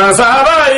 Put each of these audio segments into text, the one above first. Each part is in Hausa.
Uh, Azabai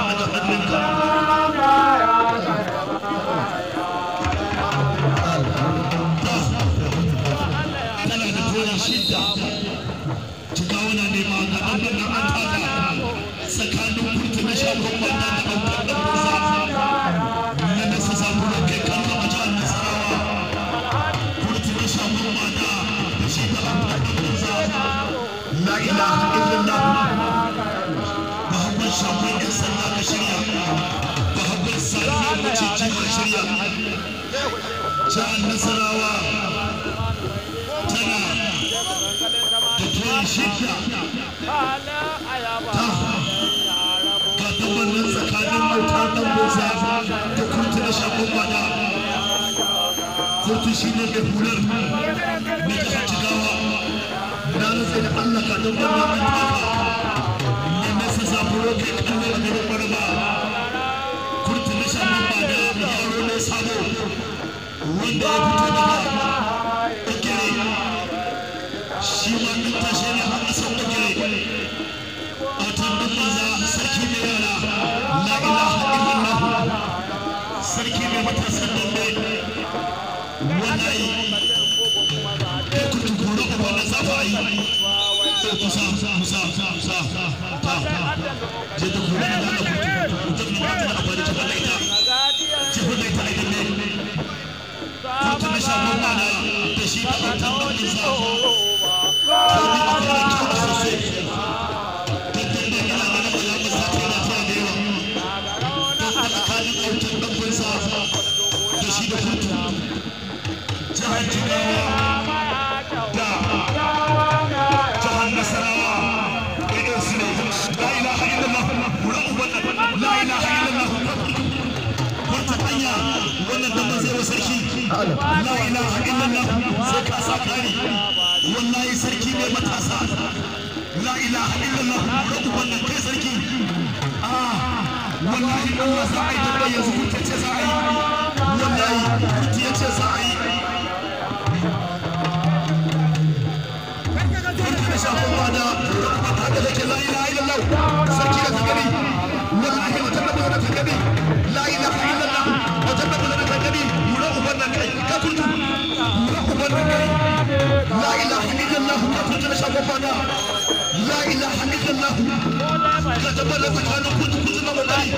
la ilaha illallah shirya da ta ka tabbatar tsakanin mautar ta bosa da kuma tana shafin bada kotu shi ne mai hular na jihar jigawa na rantsa da allah ka don kwanwa an tafa ne nasa zaburo kai kallo a garin barba kurtu na shan nan ba da yaro mai sabo wanda ya fito daga shi ma ɗin tashe ne har asan ogere a tabbin maza sarki mai yara kare wallahi sarki mai matasa la ilaha illallah kura uban nan kai sarki ah, wallahi Allah za a yi da yanzu kun ce za a yi wallahi kun ce za a yi la ilaha illallah ta furta na shagon bana la ilaha illallah ka tabbata tsakanin kudu kudu na wallahi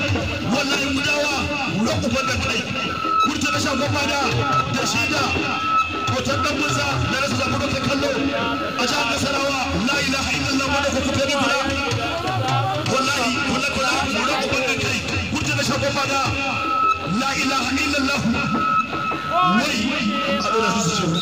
wallahi gudawa wurin uban da kai furta na shagon bana da shida hoton dan musa da rasa zaɓar da kallo a jihar nasarawa la ilaha illallah wanda ka fita ne guda wallahi wallahi kula wurin uban da kai furta na shagon bana la ilaha illallah a ɗora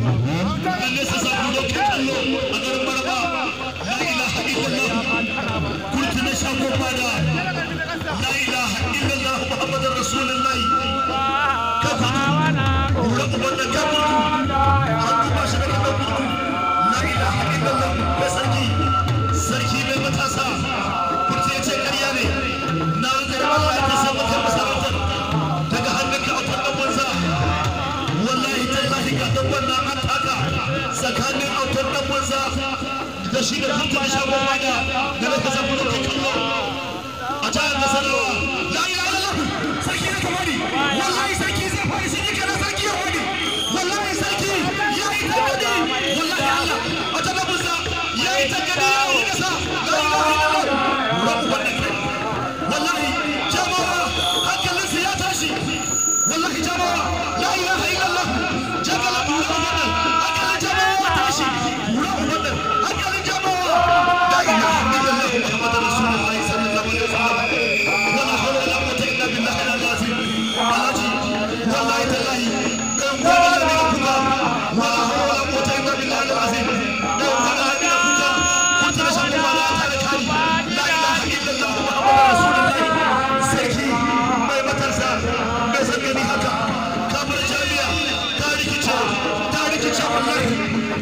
And this is a good tsakanin autar dan banza da shi da hutun shagon bada da na kasar kudu kallo a jihar nasarawa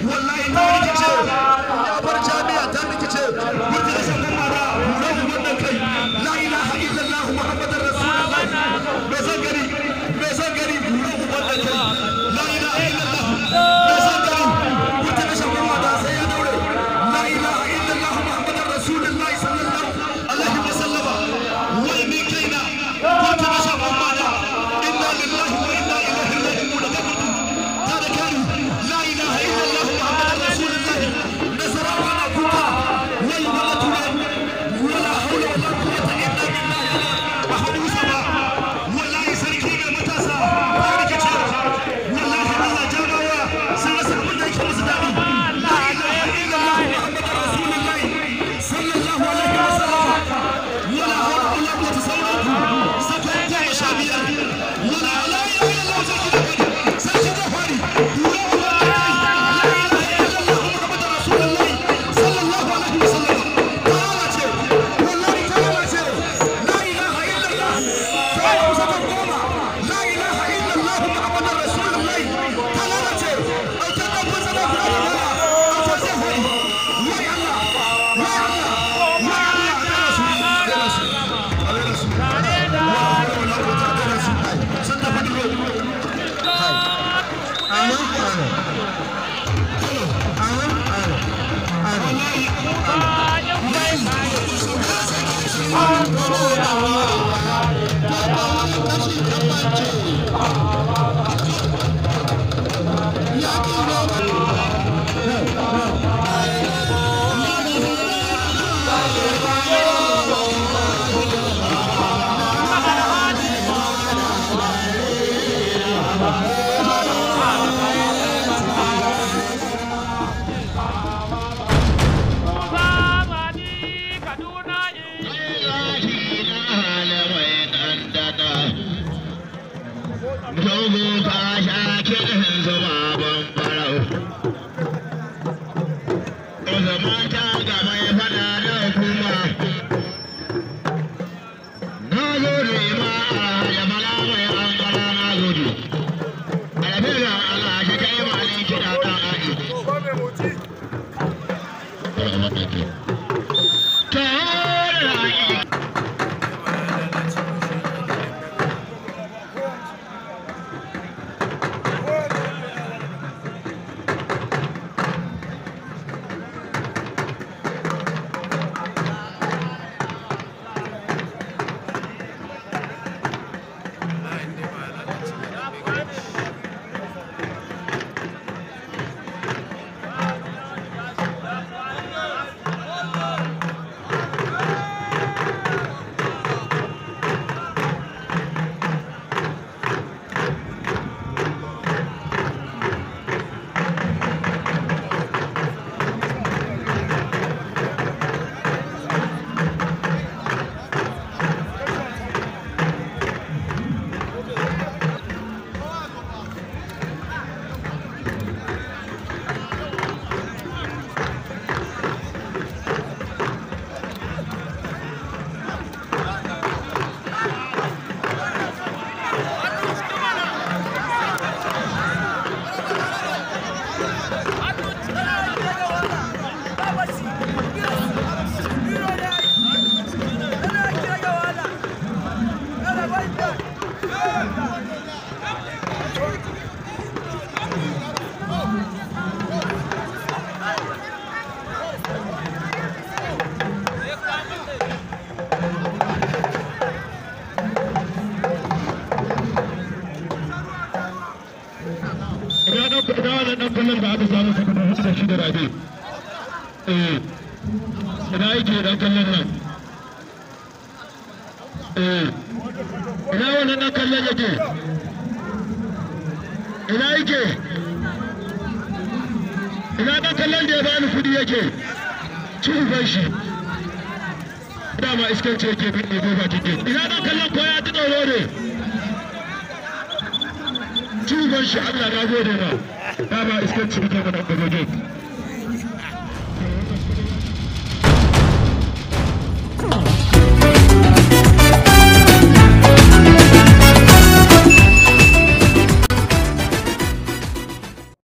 我来了。Allah. ne dan kullun da aka samu suka tafi da shi da rabe eh ina yake dan kallon nan eh ina wannan dan kallon yake ina yake ina dan kallon da ya bani kudi yake cin shi dama ce yake bin ne gofa ticket ina dan kallon ko ya ji tsoro ne ci shi Allah na gode ma dama iskanci muke mana gobe